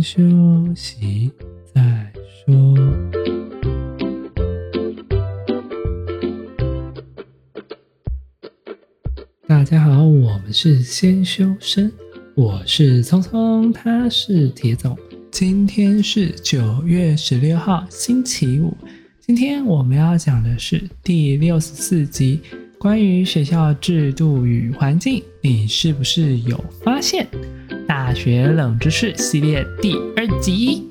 先休息再說。大家好，我們是先修身，我是聰聰，他是鐵總。今天是九月十六號，星期五。今天我們要講的是第六十四集，關於學校制度與環境。你是不是有發現？大學冷知識系列第二集。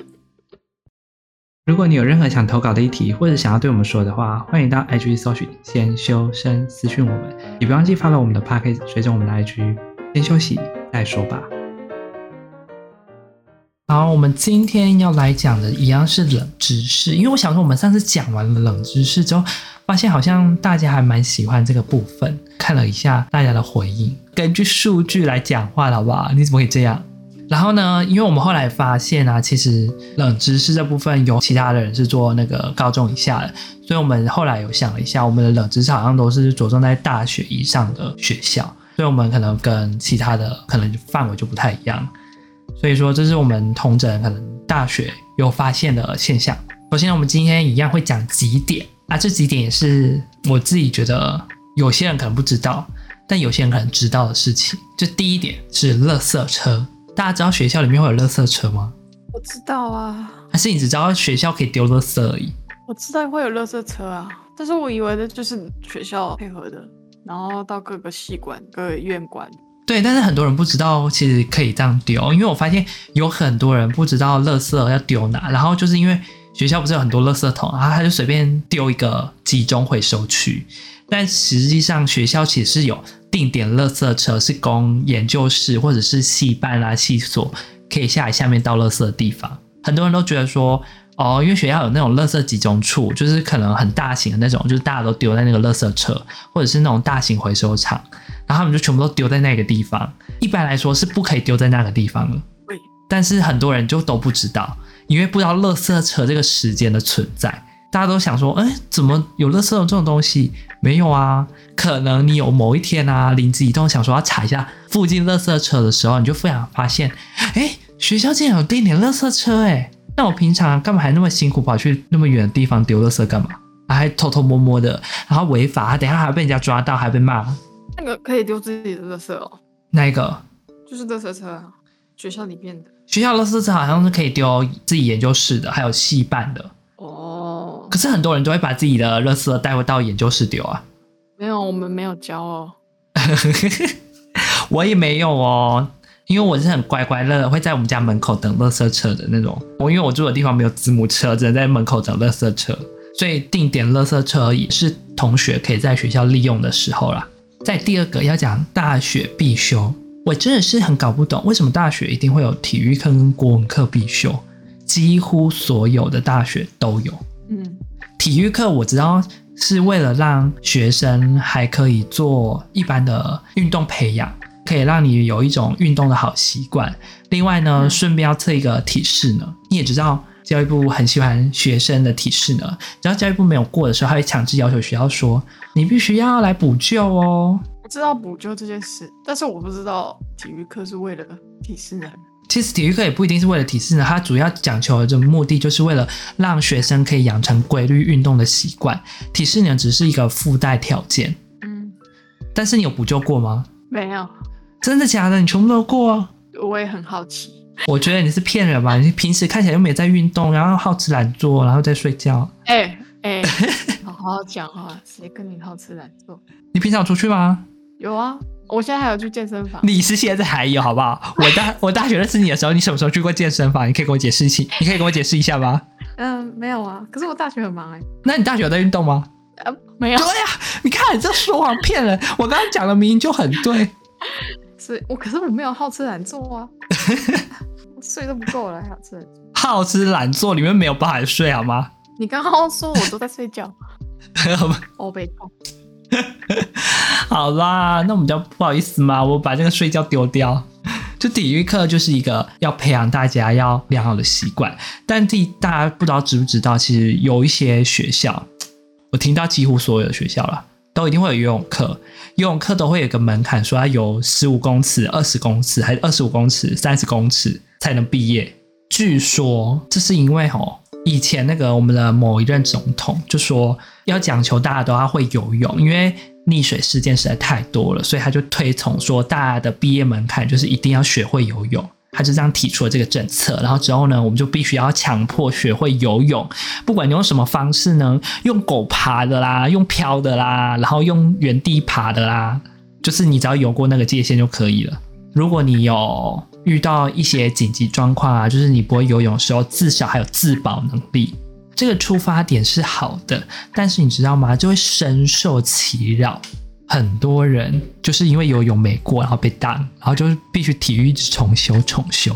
如果你有任何想投稿的議題，或者想要對我們說的話，歡迎到 IG 搜尋“先修身”，私訊我們。也不忘記 follow 我們的 package 追蹤我們的 IG。先休息再說吧。好，我們今天要來講的，一樣是冷知識，因為我想說，我們上次講完了冷知識之後，發現好像大家還蠻喜歡這個部分。看了一下大家的回應，根據數據來講話，好不好？你怎麼可以這樣？然後呢，因為我們後來發現啊，其實冷知識這部分有其他的人是做那個高中以下的，所以我們後來有想了一下，我們的冷知識好像都是着重在大學以上的學校，所以我們可能跟其他的可能範圍就不太一樣。所以說，這是我們統整可能大學有發現的現象。首先，我們今天一樣會講幾點啊，這幾點也是我自己覺得有些人可能不知道，但有些人可能知道的事情。就第一點是垃圾車。大家知道學校裡面會有垃圾車嗎？我知道啊，還是你只知道學校可以丟垃圾而已？我知道會有垃圾車啊，但是我以為的就是學校配合的，然後到各個系館，各個院館。對，但是很多人不知道其實可以這樣丟，因為我發現有很多人不知道垃圾要丟哪，然後就是因為學校不是有很多垃圾桶，然後他就隨便丟一個集中回收區，但實際上學校其實是有。定點垃圾車是供研究室或者是系辦啊、系所可以下來下面倒垃圾的地方。很多人都覺得說，哦，因為學校有那種垃圾集中處，就是可能很大型的那種，就是大家都丟在那個垃圾車，或者是那種大型回收場。然後他們就全部都丟在那個地方。一般來說是不可以丟在那個地方的，對，但是很多人就都不知道，因為不知道垃圾車這個時間的存在。大家都想說，哎、欸，怎麼有樂色這種東西？沒有啊，可能你有某一天啊，靈機一動想說要查一下附近樂色車的時候，你就非常發現，哎、欸，學校竟然有定點樂色車、欸，哎，那我平常幹嘛還那麼辛苦跑去那麼遠的地方丟樂色幹嘛？還偷偷摸摸的，然後違法，等下還被人家抓到，還被罵。那個可以丟自己的樂色哦。那一個就是樂色車，學校裡面的。學校樂色車好像是可以丟自己研究室的，還有系辦的。可是很多人都會把自己的垃圾帶回到研究室丟啊。沒有，我們沒有教哦。 我也沒有哦，因為我是很乖乖的會在我們家門口等垃圾車的那種。我因為我住的地方沒有子母車，只能在門口等垃圾車，所以定點垃圾車而已。是同學可以在學校利用的時候啦。再第二個要講大學必修，我真的是很搞不懂為什麼大學一定會有體育課跟國文課必修，幾乎所有的大學都有。嗯。體育課我知道是為了讓學生還可以做一般的運動培養，可以讓你有一種運動的好習慣。另外呢，順便要測一個體適能。你也知道教育部很喜歡學生的體適能。只要教育部沒有過的時候，他會強制要求學校說，你必須要來補救哦。我知道補救這件事，但是我不知道體育課是為了體適能。其實體育課也不一定是為了體適能，它主要講求的這目的，就是為了讓學生可以養成規律運動的習慣。體適能，只是一個附帶條件。嗯，但是你有補救過嗎？沒有。真的假的？你全部都過啊？我也很好奇。我覺得你是騙人吧？你平時看起來又沒在運動，然後好吃懶做，然後在睡覺。哎哎，好好講話，誰跟你好吃懶做？你平常有出去嗎？有啊。我現在還有去健身房。你是現在還有好不好？ 我大我大學認識你的時候，你什麼時候去過健身房？你可以跟我解釋一下，你可以跟我解釋一下嗎？嗯、呃，沒有啊。可是我大學很忙哎、欸。那你大學有在運動嗎？呃，沒有。對呀、啊，你看你這說謊騙人。 我剛剛講的明明就很對。是我，可是我沒有好吃懶做啊。 睡都不夠了，還好吃懶做。好吃懶做裡面沒有包含睡好嗎？你剛剛說我都在睡覺，好吧？我沒好啦，那我們就不好意思嘛，我把這個睡覺丟掉。 就體育課就是一個要培養大家要良好的習慣，但第大家不知道知不，知不知道，其實有一些學校，我聽到幾乎所有的學校了，都一定會有游泳課，游泳課都會有個門檻，說要游十五公尺，二十公尺，還是二十五公尺，三十公尺才能畢業。據說這是因為哦，以前那個我們的某一任總統就說要講求大家都要會游泳，因為。溺水事件實在太多了，所以他就推崇說，大家的畢業門檻就是一定要學會游泳。他就這樣提出了這個政策。然後之後呢，我們就必須要強迫學會游泳，不管你用什麼方式呢，用狗爬的啦，用漂的啦，然後用原地爬的啦，就是你只要游過那個界限就可以了。如果你有遇到一些緊急狀況啊，就是你不會游泳的時候，至少還有自保能力。這個出發點是好的，但是你知道嗎？就會深受其擾。很多人就是因為游泳沒過，然後被擋，然後就是必須體育一直重修重修，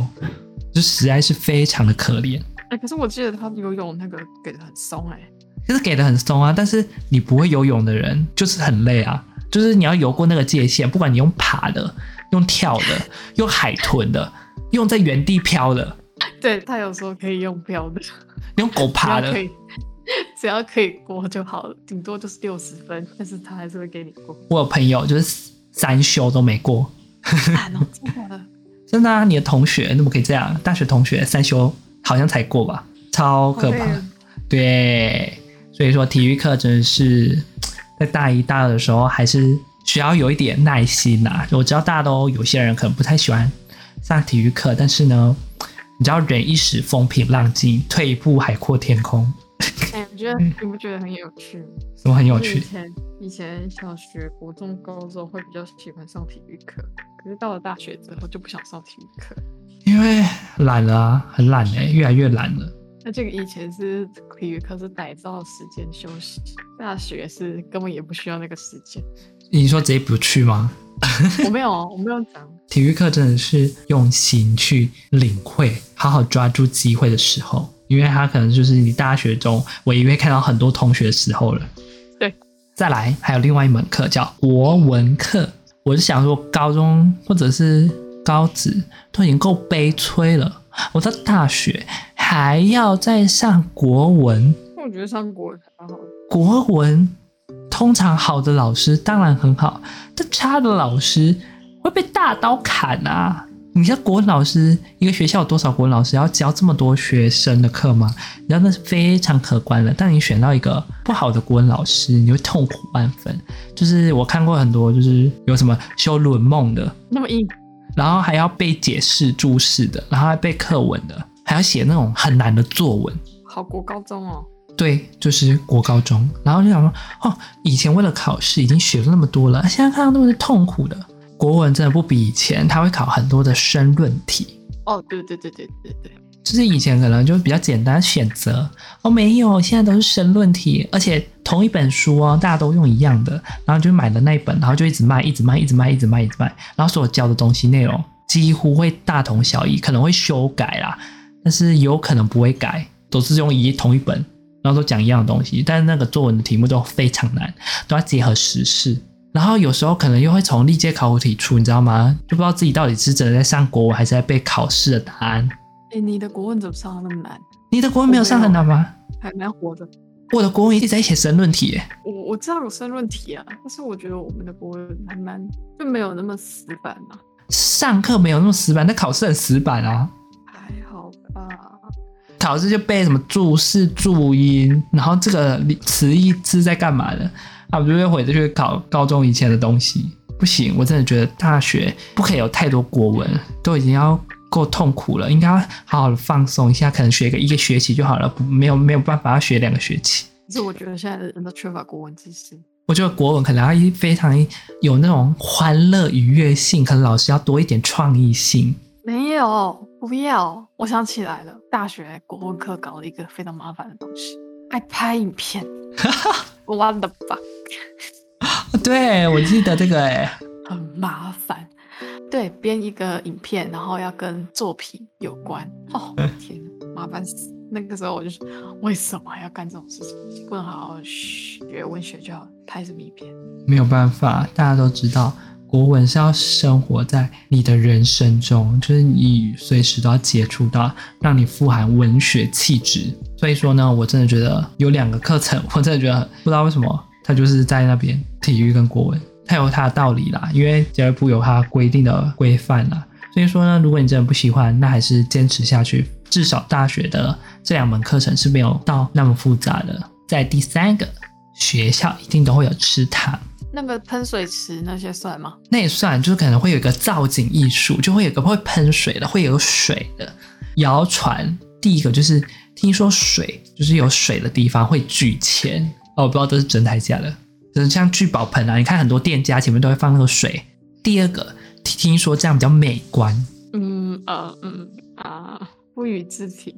就實在是非常的可憐。欸，可是我記得他游泳那個給的很鬆，欸，哎，就是給的很鬆啊。但是你不會游泳的人就是很累啊，就是你要游過那個界限，不管你用爬的、用跳的、用海豚的、用在原地漂的，對，他有說可以用漂的。用狗爬的可以，只要可以過就好了，頂多就是六十分，但是他還是會給你過。我有朋友就是三修都沒過，真 的、啊？真的啊！你的同學怎麼可以這樣？大學同學三修好像才過吧？超可怕！對，對，所以說體育課真的是在大一、大二的時候還是需要有一點耐心吶、啊。我知道大家都有些人可能不太喜歡上體育課，但是呢。你知道，忍一時風平浪靜，退一步海闊天空。我、欸、覺得、嗯、你不覺得很有趣嗎？什麼很有趣？以前以前小學、國中、高中會比較喜歡上體育課，可是到了大學之後就不想上體育課，因為懶了、啊，很懶哎，越來越懶了。那這個以前是體育課是改造時間休息，大學是根本也不需要那個時間。你說直接不去嗎？ 我沒有，我沒有講。體育課真的是用心去領會，好好抓住機會的時候，因為他可能就是你大學中唯一會看到很多同學的時候了。對，再來還有另外一門課叫國文課，我是想說高中或者是高職都已經夠悲催了，我在大學還要再上國文。我覺得上國文還好。國文通常好的老師當然很好，但差的老師。會被大刀砍啊！你像國文老師，一個學校有多少國文老師要教這麼多學生的課嗎？你知道那是非常可觀的。但你選到一個不好的國文老師，你會痛苦萬分。就是我看過很多，就是有什麼修輪夢的，那麼硬，然後還要背解釋注釋的，然後還背課文的，還要寫那種很難的作文。好國高中哦，對，就是國高中。然後就想說，哦，以前為了考試已經學了那麼多了，現在看到那麼多痛苦的。國文真的不比以前，它會考很多的申論題。哦，對對對對對對，就是以前可能就比較簡單選擇哦，沒有，現在都是申論題，而且同一本書哦、啊，大家都用一樣的，然後就買了那一本，然後就一直賣，一直賣，一直賣，一直賣，一直賣。然後所教的東西內容幾乎會大同小異，可能會修改啦，但是有可能不會改，都是用一同一本，然後都講一樣的東西。但是那個作文的題目都非常難，都要結合時事。然後有時候可能又會從歷屆考古題出，你知道嗎？就不知道自己到底是真的在上國文，還是在背考試的答案。誒，你的國文怎麼上得那麼難？你的國文沒有上很難嗎？還蠻活的。我的國文一直在寫申論題耶。我我知道有申論題啊，但是我覺得我們的國文還蠻就沒有那麼死板的啊。上課沒有那麼死板，但考試很死板啊。還好吧。考試就背什麼注釋、注音，然後這個詞義是在幹嘛的。啊，我就會回去考高中以前的東西，不行，我真的覺得大學不可以有太多國文，都已經要夠痛苦了，應該要好好的放鬆一下，可能學個一個學期就好了，沒有沒有辦法要學兩個學期。可是我覺得現在的人都缺乏國文知識。我覺得國文可能要非常有那種歡樂愉悅性，可能老師要多一點創意性。沒有，不要，我想起來了，大學國文課搞了一個非常麻煩的東西，愛拍影片，我的吧。 對，我記得這個哎，很麻煩。對，編一個影片，然後要跟作品有關。哦，天哪，麻煩死！那個時候我就說，為什麼還要幹這種事情？不能好好學文學，就要拍什麼影片？沒有辦法，大家都知道，國文是要生活在你的人生中，就是你隨時都要接觸到，讓你富含文學氣質。所以說呢，我真的覺得有兩個課程，我真的覺得不知道為什麼。他就是在那邊體育跟國文，他有他的道理啦，因為教育部，有他規定的規範啦。所以說呢，如果你真的不喜歡，那還是堅持下去。至少大學的這兩門課程是沒有到那麼複雜的。在第三個學校，一定都會有池塘，那個噴水池那些算嗎？那也算，就是可能會有一個造景藝術，就會有一個會噴水的，會有水的。謠傳，第一個就是聽說水，就是有水的地方會聚錢。哦、我不知道都是整台下的，就是像聚寶盆啊，你看很多店家前面都會放那個水。第二個，聽說這樣比較美觀。嗯、呃、嗯嗯啊，不予置評，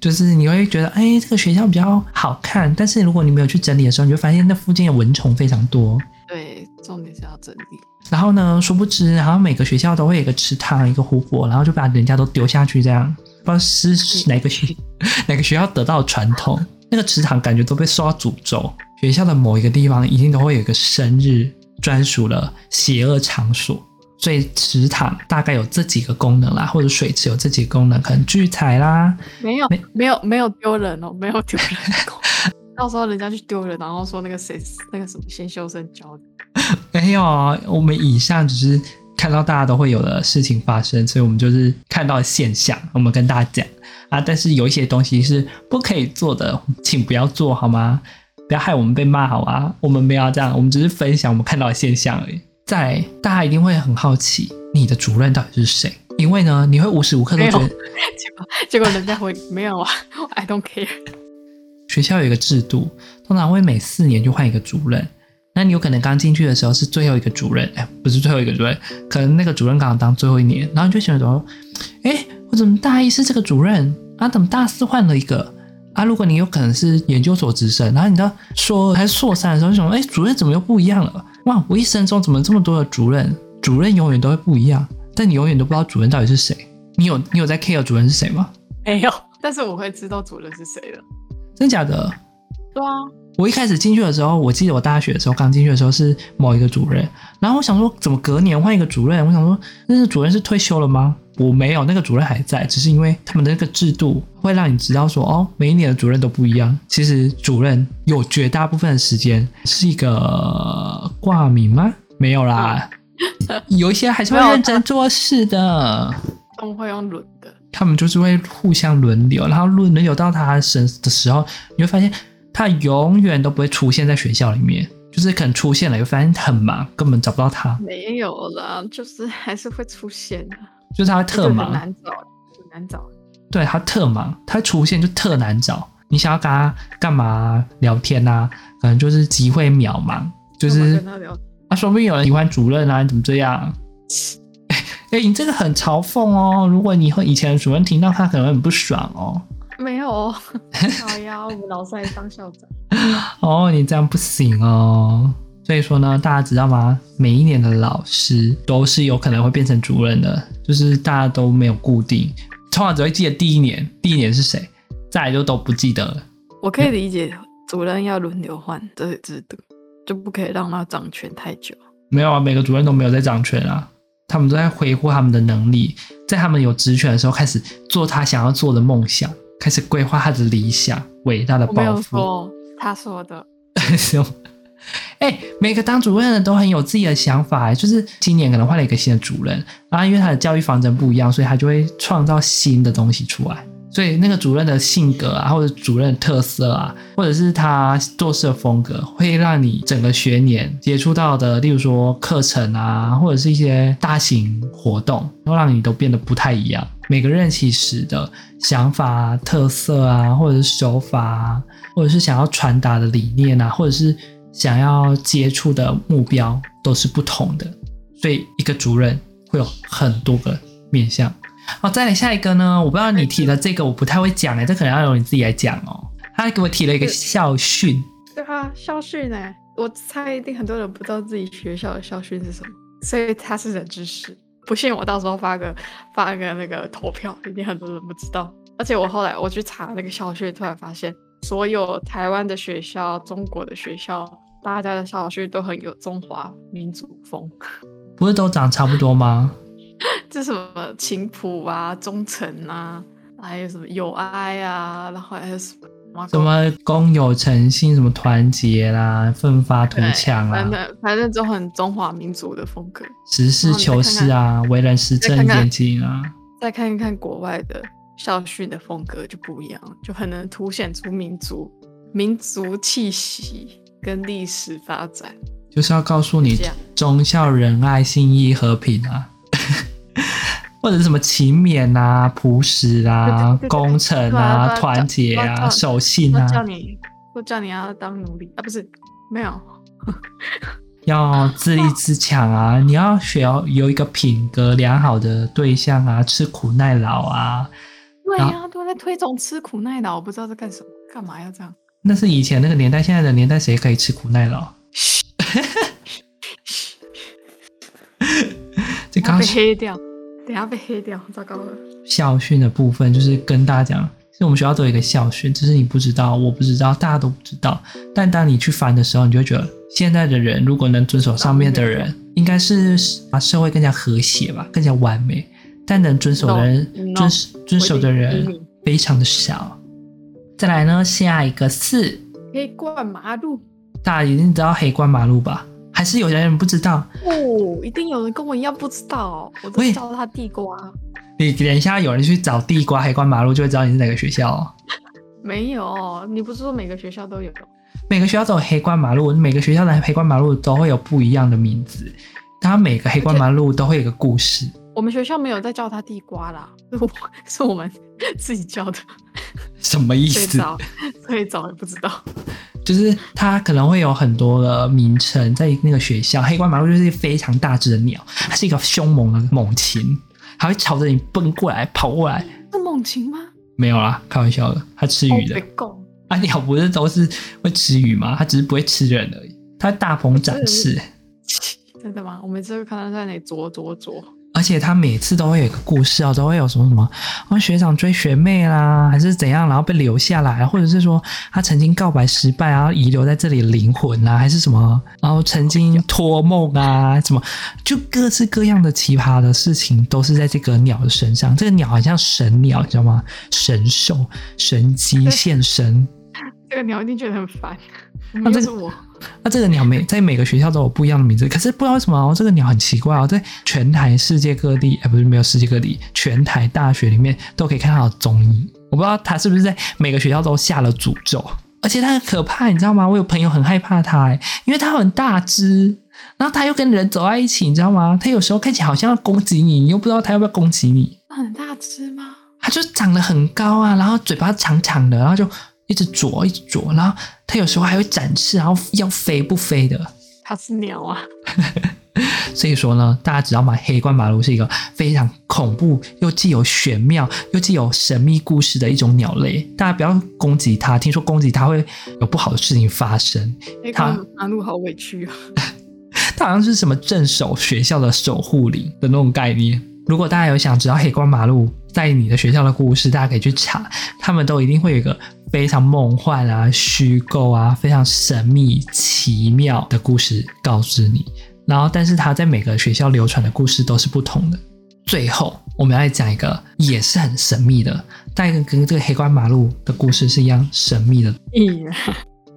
就是你會覺得哎，這個學校比較好看，但是如果你沒有去整理的時候，你就發現那附近的蚊蟲非常多。對，重點是要整理。然後呢，殊不知，好像每個學校都會有一個池塘，一個湖泊，然後就把人家都丟下去這樣。不知道是哪個學 哪個學校得到傳統。 那個池塘感覺都被受到詛咒，學校的某一個地方一定都會有一個生日專屬的邪惡場所，所以池塘大概有這幾個功能啦，或者水池有這幾個功能，可能聚財啦。沒有，沒，沒有，沒，有，沒有丟人哦，沒有丟人。 到時候人家去丟人，然後說那個誰，那個什麼先修身教的。沒有啊，我們以上只是看到大家都會有的事情發生，所以我們就是看到現象，我們跟大家講。啊！但是有一些東西是不可以做的，請不要做好嗎？不要害我們被罵好嗎？我們沒有要這樣，我們只是分享我們看到的現象而已。在大家一定會很好奇你的主任到底是誰，因為呢，你會無時無刻都覺得結果，結果人家會沒有啊，我，I don't care。學校有一個制度，通常會每四年就換一個主任。那你有可能剛進去的時候是最後一個主任，哎，不是最後一個主任，可能那個主任剛好當最後一年，然後你就想着說哎，我怎麼大一是這個主任啊？怎麼大四換了一個啊？如果你有可能是研究所直升，然後你知道說還是碩三的時候，就想說，哎，主任怎麼又不一樣了？哇，我一生中怎麼這麼多的主任？主任永遠都會不一樣，但你永遠都不知道主任到底是誰。你有你有在 care 主任是誰嗎？沒有，但是我會知道主任是誰的。真假的？對啊。我一開始進去的時候，我記得我大學的時候剛進去的時候是某一個主任，然後我想說怎麼隔年換一個主任？我想說那個主任是退休了嗎？我沒有，那個主任還在，只是因為他們的那個制度會讓你知道說哦，每一年的主任都不一樣。其實主任有絕大部分的時間是一個掛名嗎？沒有啦， 有一些還是會認真做事的。他們 會用輪的，他們就是會互相輪流，然後輪輪流到他身的時候，你會發現。他永遠都不會出現在學校裡面，就是可能出現了又發現很忙，根本找不到他。沒有了，就是還是會出現。就是他特忙，很難找，很難找。對，他特忙，他出現就特難找。你想要跟他幹嘛聊天吶、啊？可能就是機會渺茫，就是他、啊、說不定有人喜歡主任啊？你怎麼這樣？哎、欸欸，你這個很嘲諷哦。如果你和以前的主任聽到，他可能很不爽哦。沒有、哦，好呀，我們老師還是當校長。 哦，你這樣不行哦。所以說呢，大家知道嗎？每一年的老師都是有可能會變成主任的，就是大家都沒有固定，通常只會記得第一年，第一年是誰，再來就都不記得了。我可以理解，主任要輪流換，有這是值得，就不可以讓他掌權太久。沒有啊，每個主任都沒有在掌權啊，他們都在揮霍他們的能力，在他們有職權的時候開始做他想要做的夢想。開始規劃他的理想、偉大的抱負。沒有說他說的。哎、 欸，每個當主任的都很有自己的想法、欸，就是今年可能換了一個新的主任，然、啊、後因為他的教育方針不一樣，所以他就會創造新的東西出來。所以那個主任的性格啊，或者主任的特色啊，或者是他做事的風格，會讓你整個學年接觸到的，例如說課程啊，或者是一些大型活動，都讓你都變得不太一樣。每個任期時的想法、特色啊，或者是手法啊，或者是想要傳達的理念吶、啊，或者是想要接觸的目標，都是不同的，所以一個主任會有很多個面向。好、哦，再來下一個呢？我不知道你提的這個，我不太會講哎、欸，這可能要由你自己來講哦。他給我提了一個校訓，對啊，校訓呢？我猜一定很多人不知道自己學校的校訓是什麼，所以它是冷知識。不信我到時候發個發個那個投票，一定很多人不知道。而且我後來我去查那個校訓，突然發現所有台灣的學校、中國的學校、大家的校訓都很有中華民族風，不是都長差不多嗎？ 這是什麼琴譜啊、忠誠啊，還有什麼友愛啊，然後還有什麼。什麼公有誠信，什麼團結啦，奮發圖強啦，反正反正都很中華民族的風格。實事求是啊，為人實誠嚴謹啊。再看一看國外的校訓的風格就不一樣，就很能凸顯出民族民族氣息跟歷史發展。就是要告訴你忠孝仁愛信義和平啊。 或者是什麼勤勉啊、樸實啊、 工程啊、團、啊啊、結啊、我我守信啊，我叫你，我叫你要當奴隸啊？不是，沒有， 要自立自強啊！啊你要學，有一個品格良好的對象啊，吃苦耐勞啊。對啊，都在推崇吃苦耐勞，我不知道在幹什麼，幹嘛要這樣？那是以前那個年代，現在的年代誰可以吃苦耐勞？ 這剛剛被黑掉。等下被黑掉，糟糕了！校訓的部分就是跟大家講，是我們學校都有一個校訓，就是你不知道，我不知道，大家都不知道。但當你去翻的時候，你就覺得，現在的人如果能遵守上面的人，應該是把社會更加和諧吧，更加完美。但能遵守的人遵 No, no. 遵守的人非常的少。再來呢，下一個四，黑冠麻鷺，大家一定知道黑冠麻鷺吧？還是有人不知道哦，一定有人跟我一樣不知道。我是叫他地瓜。你等一下，有人去找地瓜黑冠麻鷺，就會知道你是哪個學校哦。沒有，你不是說每個學校都有？每個學校都有黑冠麻鷺，每個學校的黑冠麻鷺都會有不一樣的名字。他每個黑冠麻鷺都會有個故事。 我們學校沒有在叫他地瓜啦，是是我們。自己叫的什麼意思？最早，最早也不知道，就是它可能會有很多的名稱。在那個學校黑冠麻鷺，就是一個非常大只的鳥，它是一個凶猛的猛禽，它會朝着你奔過來、跑過來。嗯、是猛禽嗎？沒有啦，開玩笑的。它吃魚的。哦、啊，鳥不是都是會吃魚嗎？它只是不會吃人而已。它大鵬展翅。真的嗎？我每次看它在那裡啄啄啄。啄而且他每次都會有個故事啊，都會有什麼什麼、哦，學長追學妹啦，還是怎樣，然後被留下來，或者是說他曾經告白失敗、啊，然後遺留在這裡靈魂啊還是什麼，然後曾經托夢啊，什麼，就各式各樣的奇葩的事情，都是在這個鳥的身上。這個鳥好像神鳥，你知道嗎？神獸、神雞現身，這個鳥一定覺得很煩，那就是我。啊這個那這個鳥每在每個學校都有不一樣的名字，可是不知道為什麼，哦、這個鳥很奇怪哦，在全台世界各地哎，欸、不是沒有世界各地，全台大學裡面都可以看到它的蹤影。我不知道它是不是在每個學校都下了詛咒，而且它很可怕，你知道嗎？我有朋友很害怕它，欸，因為它很大只，然後它又跟人走在一起，你知道嗎？它有時候看起來好像要攻擊你，你又不知道它要不要攻擊你。很大只嗎？它就長得很高啊，然後嘴巴長長的，然後就一直啄，一直啄，然後。它有時候還會展翅，然後要飛不飛的，它是鳥啊。 所以說呢，大家只要買黑冠麻鷺是一個非常恐怖又既有玄妙又既有神秘故事的一種鳥類，大家不要攻擊它，聽說攻擊它會有不好的事情發生。哎，麻鷺好委屈啊、哦！它好像是什麼鎮守學校的守護靈的那種概念。如果大家有想知道黑冠麻鷺在你的學校的故事，大家可以去查，他們都一定會有一個。非常夢幻啊，虛構啊，非常神秘奇妙的故事告知你。然後，但是他在每個學校流傳的故事都是不同的。最後，我們要再講一個也是很神秘的，但一跟這個黑冠麻鷺的故事是一樣神秘的。那、嗯、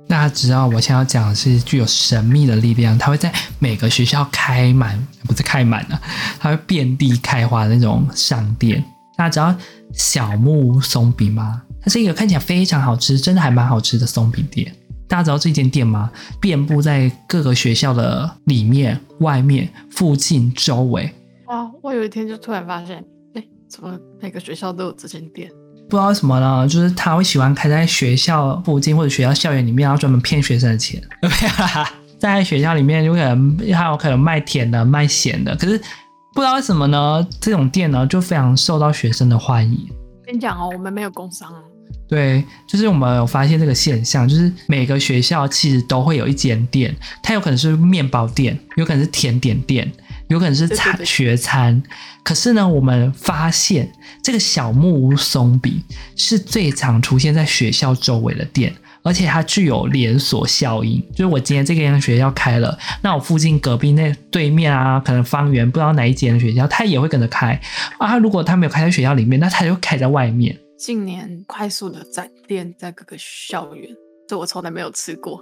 大家知道我想要講的是具有神秘的力量，它會在每個學校開滿，不是開滿啊，它會遍地開花的那種商店。大家知道小木屋鬆餅嗎？它是一個看起來非常好吃，真的還蠻好吃的鬆餅店。大家知道這間店嗎？遍佈在各個學校的裡面、外面、附近、周圍。啊！我有一天就突然發現，哎、欸，怎麼每個學校都有這間店？不知道為什麼呢？就是他會喜歡開在學校附近或者學校校園裡面，然後專門騙學生的錢。有沒有？哈哈、啊，在學校裡面有可能還有可能賣甜的、賣鹹的，可是不知道為什麼呢？這種店呢就非常受到學生的歡迎。跟你講哦，我們沒有工商啊。對，就是我們有發現這個現象，就是每個學校其實都會有一間店，它有可能是麵包店，有可能是甜點店，有可能是餐，對對對，學餐。可是呢，我們發現這個小木屋鬆餅是最常出現在學校周圍的店，而且它具有連鎖效應。就是我今天這個樣的學校開了，那我附近隔壁那對面、啊，可能方圓不知道哪一間的學校，它也會跟着開。啊，如果它沒有開在學校裡面，那它就開在外面。近年快速的展店在各個校園，所以我從來沒有吃過。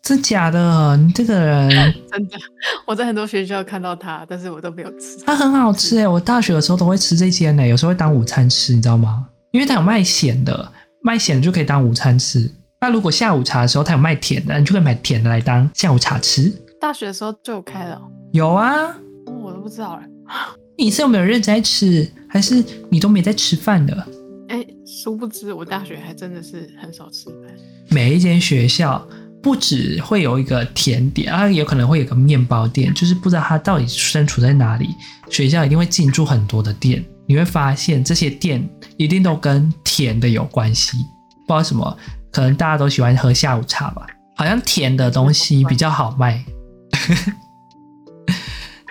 真假的？你這個人 真的？我在很多學校看到他，但是我都沒有吃。它、啊、很好吃，吃我大學的時候都會吃這些。呢有時候會當午餐吃，你知道嗎？因為它有賣鹹的，賣鹹就可以當午餐吃。那如果下午茶的時候，它有賣甜的，你就可以買甜的來當下午茶吃。大學的時候就有開了？有啊，我都不知道了。你是有沒有認真在吃，還是你都沒在吃飯的？殊不知，我大學還真的是很少吃。每一間學校不只會有一個甜點啊，也可能會有一個麵包店，就是不知道它到底身處在哪裡。學校一定會進駐很多的店，你會發現這些店一定都跟甜的有關係。不知道什麼，可能大家都喜歡喝下午茶吧，好像甜的東西比較好賣。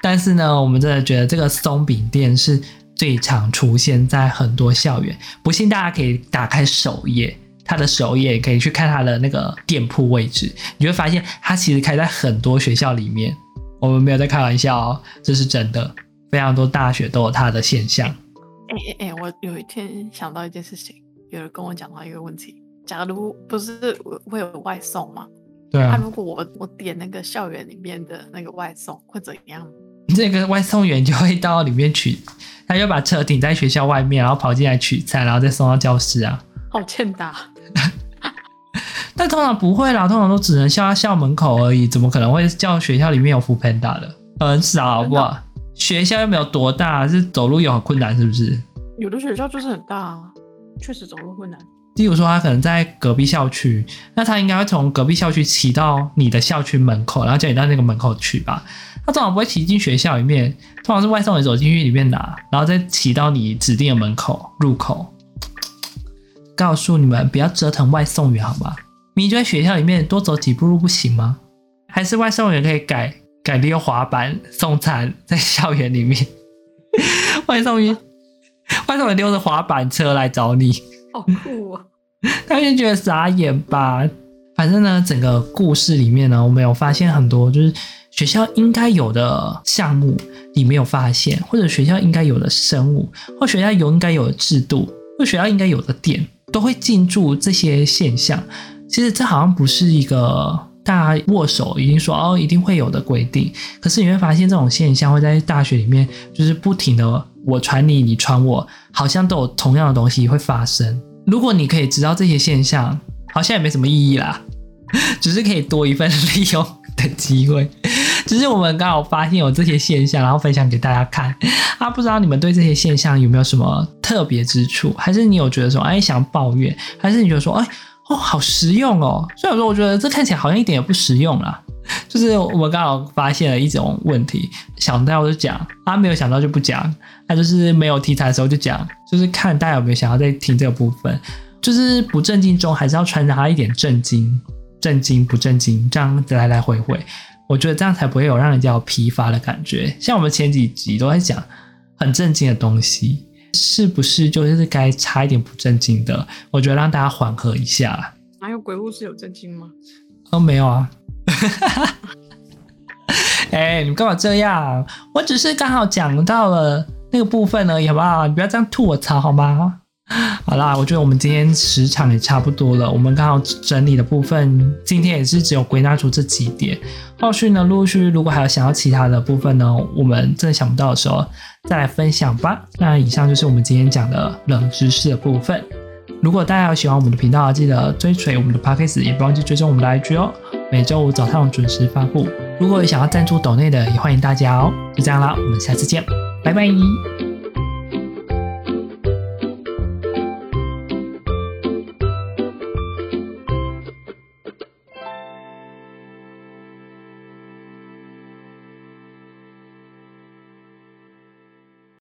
但是呢，我們真的覺得這個鬆餅店是。最常出現在很多校園，不信大家可以打開首頁，他的首頁可以去看他的那個店鋪位置，你就會發現他其實開在很多學校裡面。我們沒有在開玩笑哦，這是真的，非常多大學都有他的現象。哎哎、欸欸，我有一天想到一件事情，有人跟我講到一個問題：假如不是會有外送嗎？對啊。他、啊、如果我我點那個校園裡面的那個外送，會怎樣？這個外送員就會到裡面去。他就把車停在學校外面，然後跑進來取餐，然後再送到教室啊。好欠打！ 但通常不會啦，通常都只能到校門口而已，怎麼可能會叫學校裡面有 foodpanda 的？很少好不好。那學校又沒有多大，是走路有很困難，是不是？有的學校就是很大，啊，確實走路困難。例如說，他可能在隔壁校區，那他應該會從隔壁校區騎到你的校區門口，然後叫你到那個門口去吧。他通常不會騎進學校裡面，通常是外送員走進去裡面拿，然後再騎到你指定的門口入口。告訴你們，不要折騰外送員好嗎？你就在學校裡面多走幾步路不行嗎？還是外送員可以改改，溜滑板送餐在校園裡面？ 外送員，外送員溜着滑板車來找你。好酷啊！他就 覺得傻眼吧。反正呢，整個故事裡面呢，我們有發現很多就是學校應該有的項目，你沒有發現，或者學校應該有的生物，或者學校有應該有的制度，或者學校應該有的點，都會進駐這些現象。其實這好像不是一個大家握手已經說哦，一定會有的規定。可是你會發現這種現象會在大學裡面就是不停的。我傳你，你傳我，好像都有同樣的東西會發生。如果你可以知道這些現象，好像也沒什麼意義啦，只是可以多一份利用的機會。只、就是我們剛好發現有這些現象，然後分享給大家看。啊，不知道你們對這些現象有沒有什麼特別之處？還是你有覺得說，哎、啊，想抱怨？還是你覺得說，哎、欸，哦，好實用哦？所以有時候我覺得這看起來好像一點也不實用啦。 就是我們剛好發現了一種問題，想到就講，他、啊、沒有想到就不講，他、啊、就是沒有題材的時候就講，就是看大家有沒有想要再聽這個部分，就是不正經中還是要穿插一點正經，正經不正經這樣來來回回，我覺得這樣才不會有讓人家有疲乏的感覺。像我們前幾集都在講很正經的東西，是不是就是該插一點不正經的？我覺得讓大家緩和一下。哪有鬼故事有正經嗎？啊、哦，沒有啊。哈哈哈！哎、 欸，你幹嘛這樣？我只是剛好講到了那個部分呢，好不好？你不要這樣吐我槽，好嗎？好啦，我覺得我們今天時長也差不多了。我們剛好整理的部分，今天也是只有歸納出這幾點。後續呢，陸陸續續如果還有想要其他的部分呢，我們真的想不到的時候再來分享吧。那以上就是我們今天講的冷知識的部分。如果大家有喜歡我們的頻道，記得追隨我們的 Podcast，也不忘記追蹤我們的 IG 哦。每週五早上準時發布。如果有想要贊助抖內的，也歡迎大家哦。就這樣啦，我們下次見，拜拜。